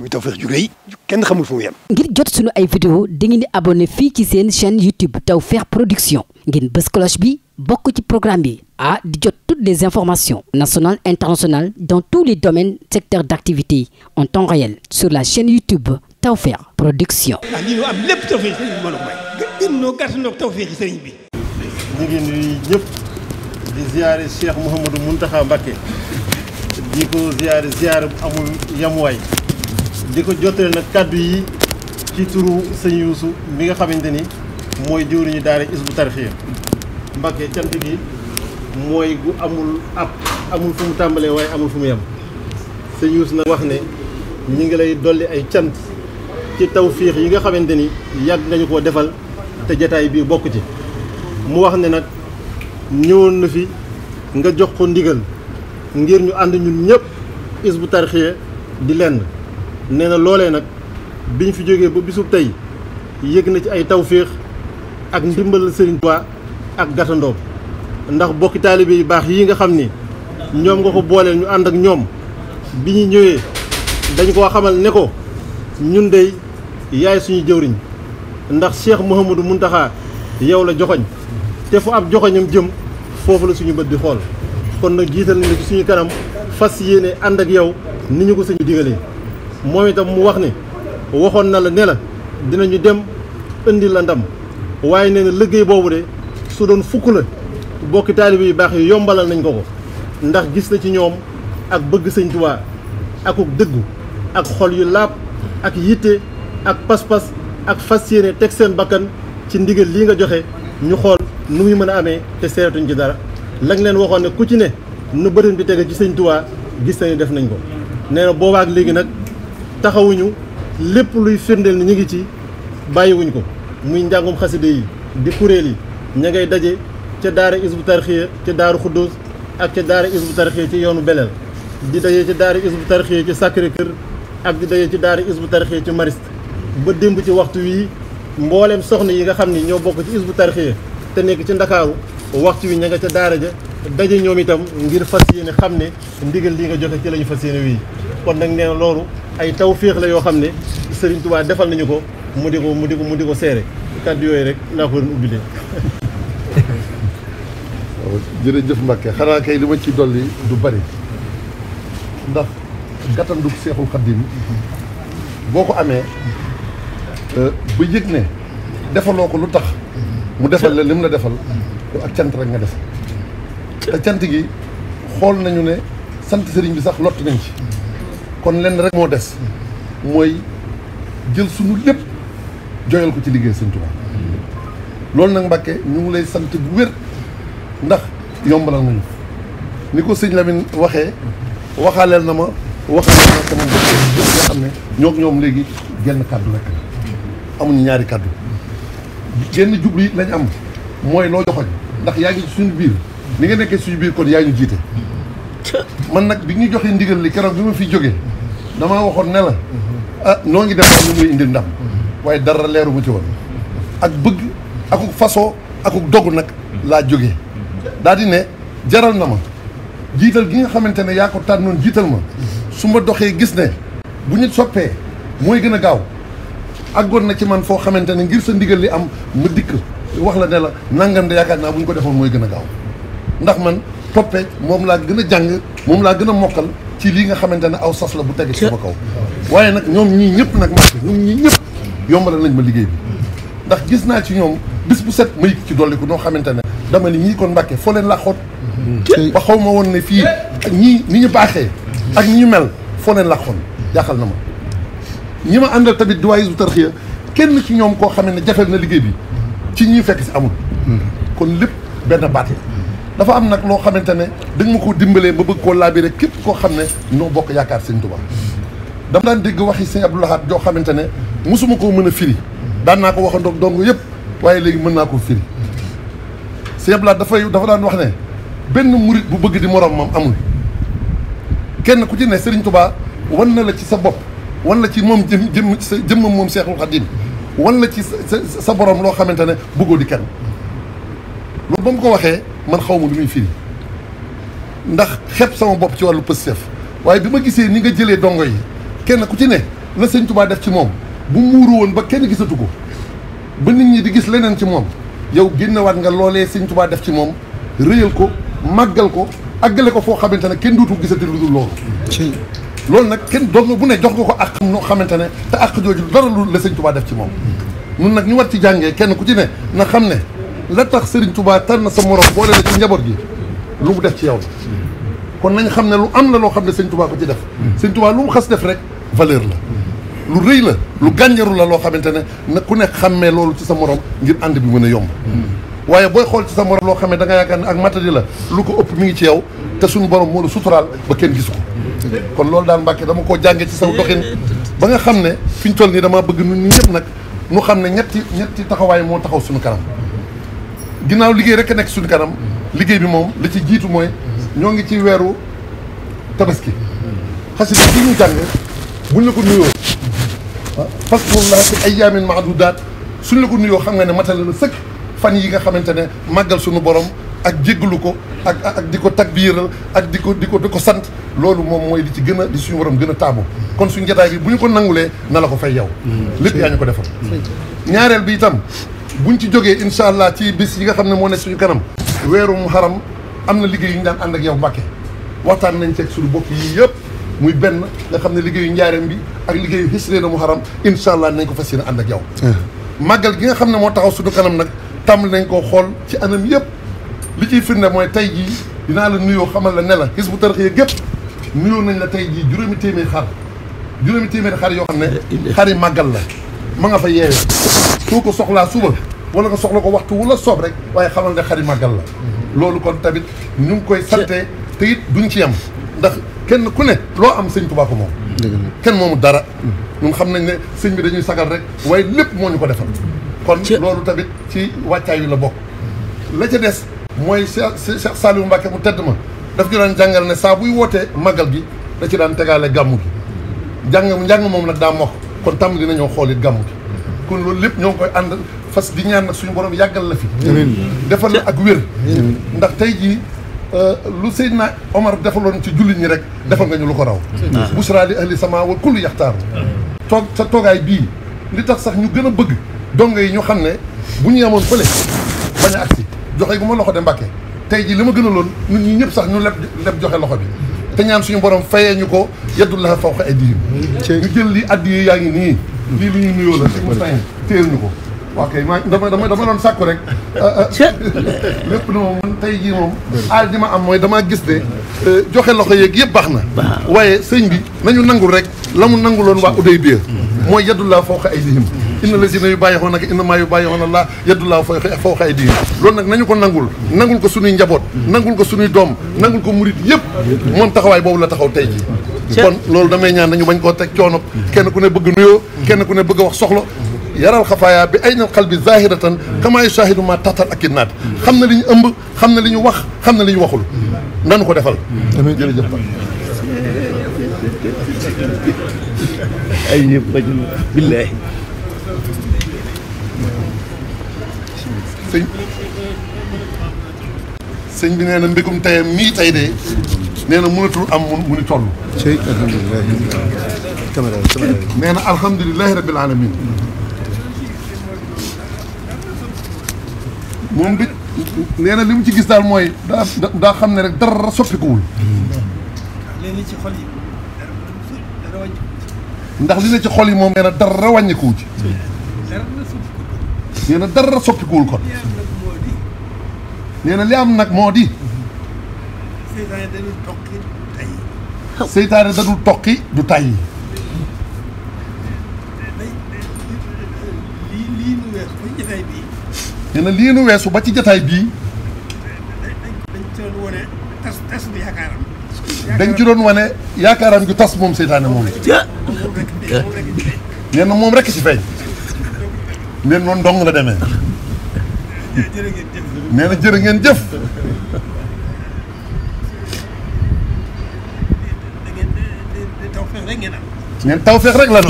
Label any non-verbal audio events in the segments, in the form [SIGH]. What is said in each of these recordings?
muy Tawfekh ju rëy kenn xamul fu mu ngir jot sunu ay vidéo dangeen di abonné fii ci seen chaîne YouTube Tawfekh Production ngeen bës cloche bi bokk ci programme bi a di jot toutes les informations nationales internationales dans tous les domaines secteurs d'activité en temps réel sur la chaîne YouTube Tawfekh Production. ah lii am lépp Tawfekh sëriñ bi mbooloo bi. ñu ngi nuyu di ziare Cheikh Mouhamadou Mountakha Mbacké di ko ziare ziare bu amul yamuwaay. di ko jottale nag kàddu yi ci turu sëñ Yuusu mi nga xamante ni mooy jëwriñu daara Hizbut Tarqiyyah Mbàkke cant gi mooy gu amul ab amul fu mu tàmbalee waaye amul fu mu yem sëñ Yuusu nag wax ne ñu ngi lay dolli ay cant ci tawfiix yi nga xamante ni yàgg nga ñu koo defal te jataay bii bokk ci mu wax ne nag ñëwoon na fi nga jox ko ndigal ngir ñu ànd ñun ñëpp Hizbut Tarqiyyah di lenn nee na loolee nag biñ fi jógee ba bisub tey yëg na ci ay tawféex ak ndimbal Serigne Touba ak gàttandoom ndax bokki taalibe yu baax yi nga xam ni ñoom nga ko booleel ñu ànd ak ñoom bi ñuy ñëwee dañ koo xamal ne ko ñun dey yaay suñu jëwriñ ndax Cheikh Mouhamadou Mountakha yow la joxoñ te fu ab joxoñam jëm foofu la suñu bët di xool kon nag jiital nañ la ci suñu kanam fas yéene ànd ak yow ni ñu ko sañu digalee moom itam mu wax ni waxoon na la ne la dinañu dem indi la ndam waaye nee na liggéey boobu de su doon fukk la bokki taalibe yu baax yi yombalal nañ ko ko ndax gis na ci ñoom ak bëgg sëñ Tuubaa akuk dëggu ak xol yu laab ak yitte ak pas-pas ak fas yéene teg seen bakkan ci ndigal lii nga joxe ñu xool nu muy mën a amee te seeretuñ ci dara lañ leen waxoon ne ku ci ne nu bërin bi tege ci sëñ Tuubaa gis nañu def nañ ko nee na boobaak léegi nag taxawuñu lépp luy firndeel ni ñu ngi ci bàyyiwuñ ko muy njàngum xaside yi di kuréel yi ña ngay daje ca daara isbu tarxiya ca daaru xuddoos ak ca daara isbu tarxiya ci yoonu beleel di daje ci daara isbu tarxiya ci Sacré Cœur ak di ci daara isbu tarxiya ci Mariste ba démb ci waxtu wii mbooleem soxna yi nga xam ni ñoo bokk ci isbu tarxiya te nekk ci ndakaaru waxtu wi ña nga ca daara ja daje ñoom itam ngir fas yéene xam ne ndigal li nga joxe ci lañu fas yéene wii kon nag nee na loolu ay tawféex la yoo xam ne Serigne Touba defal nañu ko mu di ko mu di ko mu di ko seere kàddu yooyu rek naa ko doon ubbilee jërëjëf Mbacke xanaa kay li ma ci dolli du bari ndax gàttandug Seexul Xaddim boo ko amee euh, bu yëg ne defaloo ko lu tax mu defal la lim la defal yow ak cant rek nga def te cant gi xool nañu ne sant sëriñ bi sax lott nañ ci kon lenn rek moo des mooy jël sunu lépp joyal ko ci liggéey Sëñ loolu nag Mbàkke ñu ngi lay sant bu wér ndax yomb yombalal nañu ni ko sëñ Lamine waxee waxaaleel na ma waxaaleel na sama mbokk nga xam ne ñoo ñoom léegi genn kàddu rek amuñu ñaari kàddu genn jublu it lañ am mooy loo joxoñ ndax yaa ngi suñu biir ni nga nekkee suñu biir kon yaa ñu jiite man nag bi ñu joxee ndigal li keroog bi ma fi jógee damaa waxoon ne la ah, noo ngi defar lu ñuy indi ndam waaye dara leeru mu ci woon ak bëgg akuk façon akuk dogu nag laa jóge daal di ne jaral na ma jiital gi nga xamante ne yaa ko tànnoon jiital ma su ma doxee gis ne bu ñu soppee mooy gën a gaaw àggoon na ci man foo xamante ne ngir sa ndiggal li am ma dikk wax la ne la nangam de yaakaar naa bu ñu ko defoon mooy gën a gaaw ndax man toppee moom laa gën a jàng moom laa gën a mokkal ci lii nga xamante ne aw sas la bu tege ci sama kaw waaye nag ñoom ñii ñëpp nag ma ñoom ñii ñëpp yombalal nañ ma liggéey bi ndax gis naa ci ñoom bis bu set ma yëg ci dolliku noo xamante ne dama ni ñii kon mbàkke foo leen làqoon ba xaw ma woon ne fii ak ñii ni ñu baaxee ak ñu mel foo leen làqoon jaaxal na ma ñi ma àndal tamit duwaay bu tarxiya kenn ci ñoom koo xam ne jafel na liggéey bi ci ñuy fekk si amul hmm. kon lépp benn baat la dafa am nag loo xamante ne dañ ma ko dimbalee ba bëgg koo laabiré képp koo xam ne noo bokk yaakaar sëñ Tuubaa dama daan dégg wax sëñ Abdou Lahad joo xamante ne mosuma koo mën a firi daan naa ko waxandoog dong yëpp waaye léegi mën naa koo firi sëñ dafay dafa daan wax ne benn murit bu bëgg di moroomam amul kenn ku ci ne sëriñ tubaa wan na la ci sa bopp wan la ci moom jëm jëm sa jëmmam moom Seexul Xadiim wan la ci sa sa borom loo xamante ne bëggoo di kenn loolu ba mu ko waxee man xaw ma lu muy firi ndax xeeb sama bopp ci wàllu Pastef waaye bi ma gisee ni nga jëlee dongo yi kenn ku ci ne la sëñ Tuubaa def ci moom bu muuru woon ba kenn gisatu ko ba nit ñi di gis leneen ci moom yow génnewaat nga loolee sëñ def ci moom réyal ko màggal ko àggale ko foo xamante ne kenn dootu gisati lu dul loolu. loolu nag kenn doon bu ne jox nga ko àq noo xamante ne te àq jooju dara la sëñ def ci moom. nun nag ñu war ci jàngee kenn ku ci ne na xam ne la tax Serigne Touba tànn sa morom boole la ci njaboot gi lu mu def ci yow la kon nañ xam ne lu am na loo xam ne Serigne Touba ko ci def. Serigne Touba lu mu xas def rek valeur la. lu rëy la lu gànjaru la loo xamante ne na ku ne xàmmee loolu ci sa morom ngir ànd bi mën a yomb. waaye booy xool ci sa morom loo xam ne da nga yaakaar ne ak matadi la lu ko ëpp mi ngi ci yow te suñu borom moo la suturaal ba kenn gis ko. kon loolu daal Mbàkke dama koo jàngee ci saw doxin ba nga xam ne fi ñu toll nii damaa bëgg ñun ñëpp nag nu xam ne ñetti ñetti taxawaay moo taxaw suñu kanam. ginnaaw liggéey rek a nekk suñu kanam mm-hmm. liggéey bi moom la ci jiitu mooy mm-hmm. ñoo ngi ci weeru tabaski mm-hmm. xasida bi ñu jàng buñ la ko nuyoo ah parce que moom laa fi ay yaamin maadudaat suñ la ko nuyoo xam nga ne matale la sëkk fan yi nga xamante ne màggal suñu borom ak jéggalu ko ak ak di ko takbiiral ak di ko di ko di ko sant loolu moom mooy li ci gën a di suñu borom gën a taabu kon suñu jotaay bi bu ñu ko nangulee na la ko fay yow lépp yaa ñu ko defal ñaareel bi itam bu buñ ci jógee incha allah ci bis yi nga xam ne moo nekk suñu kanam weeru xaram am na liggéey yu ñu daan ànd ak yow Mbàkke waxtaan nañ ceeg suñu bokk yi yëpp muy benn nga xam ne liggéeyu njaareem bi ak liggéeyu xisree na Muharram incha allah nañ ko fas yéene ànd ak yow eh. màggal gi nga xam ne moo taxaw suñu kanam nag tàmbali nañ ko xool ci anam yëpp li ciy firnde mooy tey jii dinaa la nuyoo xamal la ne la Hizbut Tarqiyyah gépp nuyoo nañ la tey jii juróomi téeméer xar xar yoo xam ne eh, xari màggal la ma nga fa yeewee soo ko soxlaa suba wala nga soxla ko waxtu wu la soob rek waaye xamal ne xari màggal la loolu kon tamit ñu ngi koy sante te it duñ ci yem ndax kenn ku ne loo am sëñ Tuubaa ko moom kenn moomu dara ñun xam nañ ne sëñ bi dañuy sagal rek waaye lépp moo ñu ko defal kon loolu tamit ci wàccaay yu la bokk la ca des mooy Cheikh Saliou Mbacké mu tedd ma daf ñu daan jàngal ne saa buy wootee màggal gi da ci daan tegaale gàmmu gi jàng njàng moom nag daa mokk kon tàmm dinañoo xool it gàmmu gi kon loolu lépp ñoo ngi koy ànd fas di ñaan nag suñu borom yàggal la fi defal la ak wér ndax tey jii euh, lu Seydina Omar defaloon ci jullit ñi rek defal nga ñu lu ko raw busra li ahli sama wa kullu yaxtaaru toog sa toogaay bii li tax sax ñu gën a bëgg dongo yi ñu xam ne bu ñu amoon fële bañ a agsi joxe gu ma loxo de mbàkke tey ji li ma gën a loon ñun ñi ñëpp sax ñu leb leb joxe loxo bi te ñaan suñu borom fayee ñu ko yaddullaha fawqa aydihim ñu jël li addiye yaa ngi nii lii li ñu nuyoo la si Moustapha téel ñu ko waaw kay dama dama doon sàkku rek euh, euh, lépp na moom tey jii moom aal di ma am mooy damaa gis ne euh, joxe loxo yeeg yëpp baax na waaye sëñ bi nañu nangul rek la mu nanguloon waa uday biir mooy yaddulaa fawqa aydihim inna lazina yu bàyyi xoon ak inna maa yu bàyyi xoon allah yaddulaa fawqa aydihim loolu nag nañu ko nangul nangul ko suñuy njaboot nangul ko suñuy doom nangul ko murit yëpp moom taxawaay boobu la taxaw tey jii kon loolu damay ñaan koo teg coono kenn ku ne bëgg a wax soxla yaral xafaaya bi ay na xal bi zahiratan kama yusahidu ma taxtal ak naat xam na li ñu ëmb xam na li ñu wax xam na li ñu waxul nanu ko defal jërëjëf ay yëpp billaahi bi nee na mbégum tayam mii tay de na mënatul am mu caméra nee na alhamdulilahi rabil alamin moom di nee na li mu ci gis daal mooy daa daa xam ne rek dara soppikuwul. ndax li ne ci xol yi moom nee na dara wàññikuwul ci. nee na dara soppikuwul kon. nee na li am nag moo di. seytaane dadul toqi du tàyyi. seytaane dadul toqi du tàyyi. nee na lii weesu ba ci jataay bii. dañ ci doon wane yaakaaram ju tas moom seytaane moom nee na moom rekk ci feeñ nee na noonu dong la demee nee na jërë ngeen jëf neen tawfeex rek la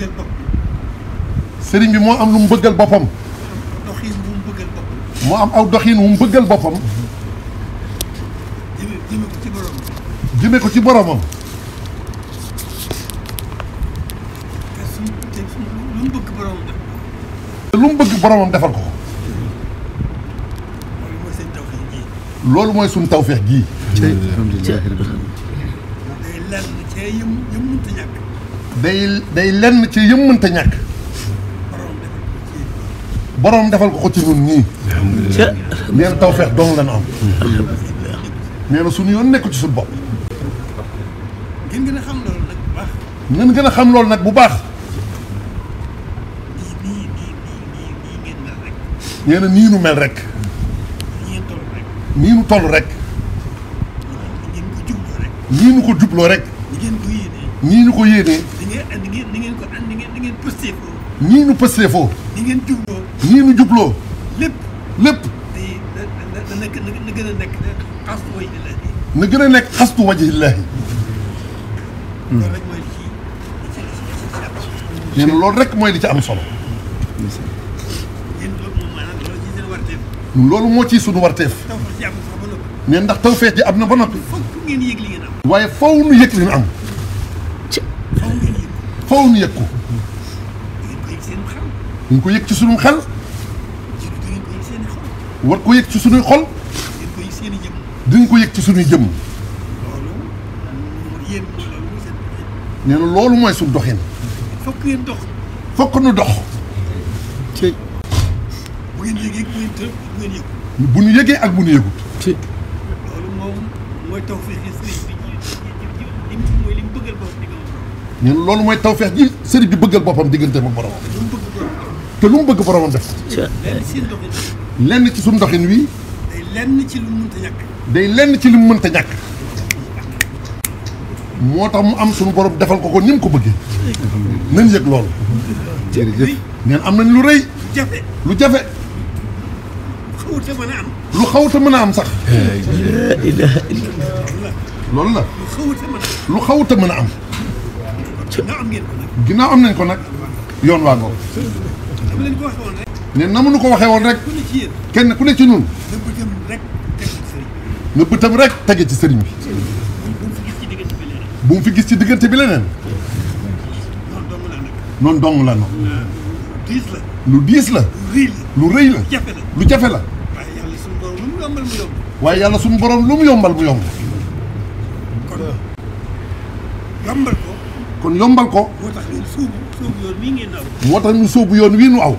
bëggal boppam. sëriñ bi moo am lu mu bëggal boppam. doxin bu mu bëggal boppam. moo am aw doxin wu mu bëggal boppam. jëme jëme ko ci boromam. jëme ko ci boromam. lu mu bëgg boromam defal ko. lu mu bëgg boromam defal ko. loolu mooy suñu tawfeex gii. loolu mooy suñu tawfeex gii. day day lenn ci yëm ñàkk boroom defal ko ko ci ñun ñii nee na taw feex am nee na yoon nekku ci suñu bopp ngeen gën a xam loolu nag bu baax ngeen gën a xam loolu nag bu baax nee na mel rek nii nu rek nii ko jubloo rek nii ko yéenee nii nu ko yéenee ak ni ngeen ngeen ko ak ni ngeen ni ngeen pësteefoo. ñii nu pësteefoo. ni ngeen jubloo. ñii nu jubloo. lépp lépp. day na gën a nekk xastu gën a nekk xastu wajhi llaahi. Hmm. loolu rek mooy loolu rek mooy li ci am solo. loolu moo ciy sunu warteef. ne ndax tawfeex ji am na ba noppi. waaye faw nu yëg li ñu am. foofu ñu yëg ko. duñ ci suñu xel. war ko yëg ci suñuy xol. duñ ko yëg ci suñuy jëmm. nee loolu mooy suñu doxin. fokk ngeen dox. nu dox. ci bu ngeen yëgee bu ak bu nu ci loolu moom mooy ñun loolu mooy tawfeex ji sëriñ bi bëggal boppam diggante ak boromam te lu mu bëgg boromam def lenn ci suñu ndoxin wi day lenn ci lu day lenn ci lu mu mënta ñàkk moo tax mu am suñu borom defal ko ko ni mu ko bëggee nañ yëg loolu jërëjëf neen am nañ lu rëy lu jafe lu xawta mën a am sax loolu la lu xawta mën a am ginnaaw am nañ ko nag yoon waa ngoog ne na mu nu ko waxee woon rek kenn ku ne ci ñun na bëtam rek tege ci sëriñ bi bu mu fi gis ci diggante bi leneen noonu dong la noonu lu diis la lu rëy la lu jafe la waaye yàlla suñu borom lu mu yombal mu yomb yombal ko kon yombal ko. moo tax ñu sóobu yoon wi ngeen moo tax ñu sóobu yoon wi ñu aw.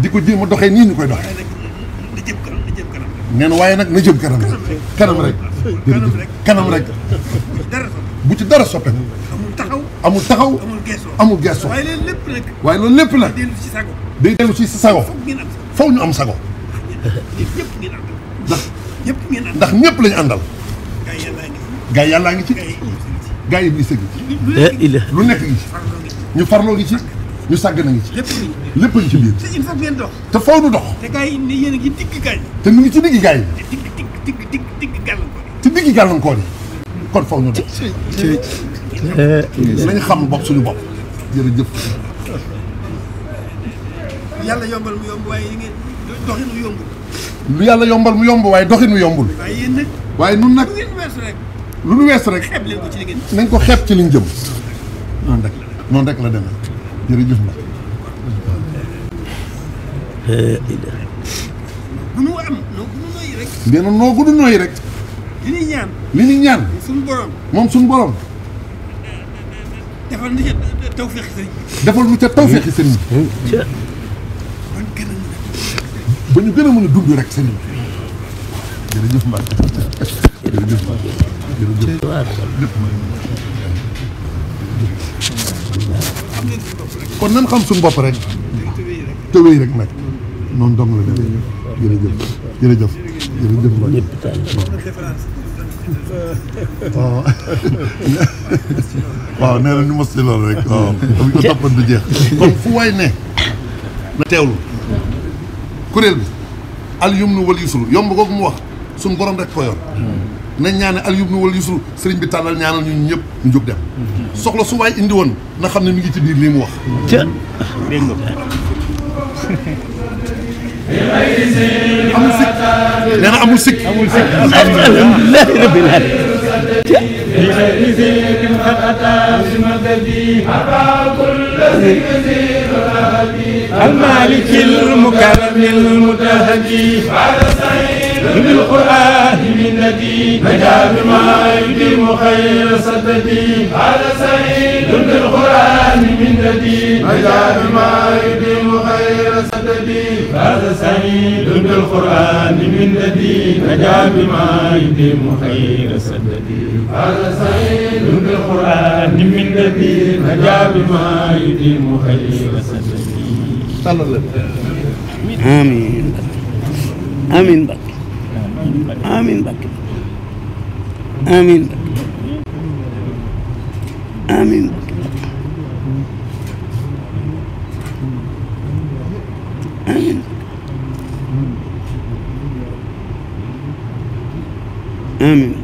di ko jéem a doxee nii ñu koy doxee. di ko jéem a doxee nii ñu koy doxee. neen waaye nag na jëm kanam rek. kanam rek kanam rek. [LAUGHS] bu ci dara soppeeku. amul taxaw amul taxaw. amul geesoo waaye loolu lépp nag. waaye loolu lépp day dellu ci sago. faw ñu am sago. ndax. ñëpp ngeen ñëpp lañu àndal. gaa yàllaa ngi ci. gaa yi bi eh, sëgg lu nekk ngi ci ñu farloo ngi ci ñu sàgg na ngi ci lépp ngi ci biir te faw nu dox te gaa yi ne ngi mu ngi ci digg gaa yi digg digg digg digg digg ci digg kon faw ñu dox nañ xam bopp suñu bopp jërëjëf yàlla yombal mu yomb waaye ngeen doxinu yombul lu yàlla yombal mu yomb waaye doxinu yombul waaye nun nag lu nu wees rek nañ ko xeeb ci liñ jëm noonu rek la demee jërëjëf ma bu nu rek. nee li ñuy ñaan. borom. moom suñu borom. defal nu ca tawféexi sëriñ bi. defal nu ca tawféexi sëriñ bi. ba ñu gën a mën a rek sëriñ bi. jërëjëf Mbacke jërëjëf jërëjëf waaw kon nan xam suñu bopp rek te wéy rek nag noonu dong la demee jërëjëf jërëjëf jërëjëf waay waaw waaw nee na ñu kon fu waay ne na teewlu kuréel bi al yum nu wal yusru yomb googu mu wax borom rek ko nañ ñaane Aliou nu wala Yusuf sëriñ bi tànnal ñaanal ñun ñëpp ñu jóg dem soxla su waay indi woon na xam ne mi ngi ci biir lii mu wax dégg nga amul sikk nee na amul sikk amul sikk alhamdulilah rabbil alamin المالك المكرم المتهدي بعد سعيد بالقرآن من ندي نجا بما يديم خير صددي على سعيد بالقرآن من ندي نجا بما يديم خير صددي هذا سعيد بالقرآن من ندي نجا بما يديم خير صددي هذا سعيد بالقرآن من ندي نجا بما يديم خير صددي صلى الله عليه وسلم آمين آمين بقى amiin Mbàkke amiin Mbàkke amiin Mbàkke amiin amiin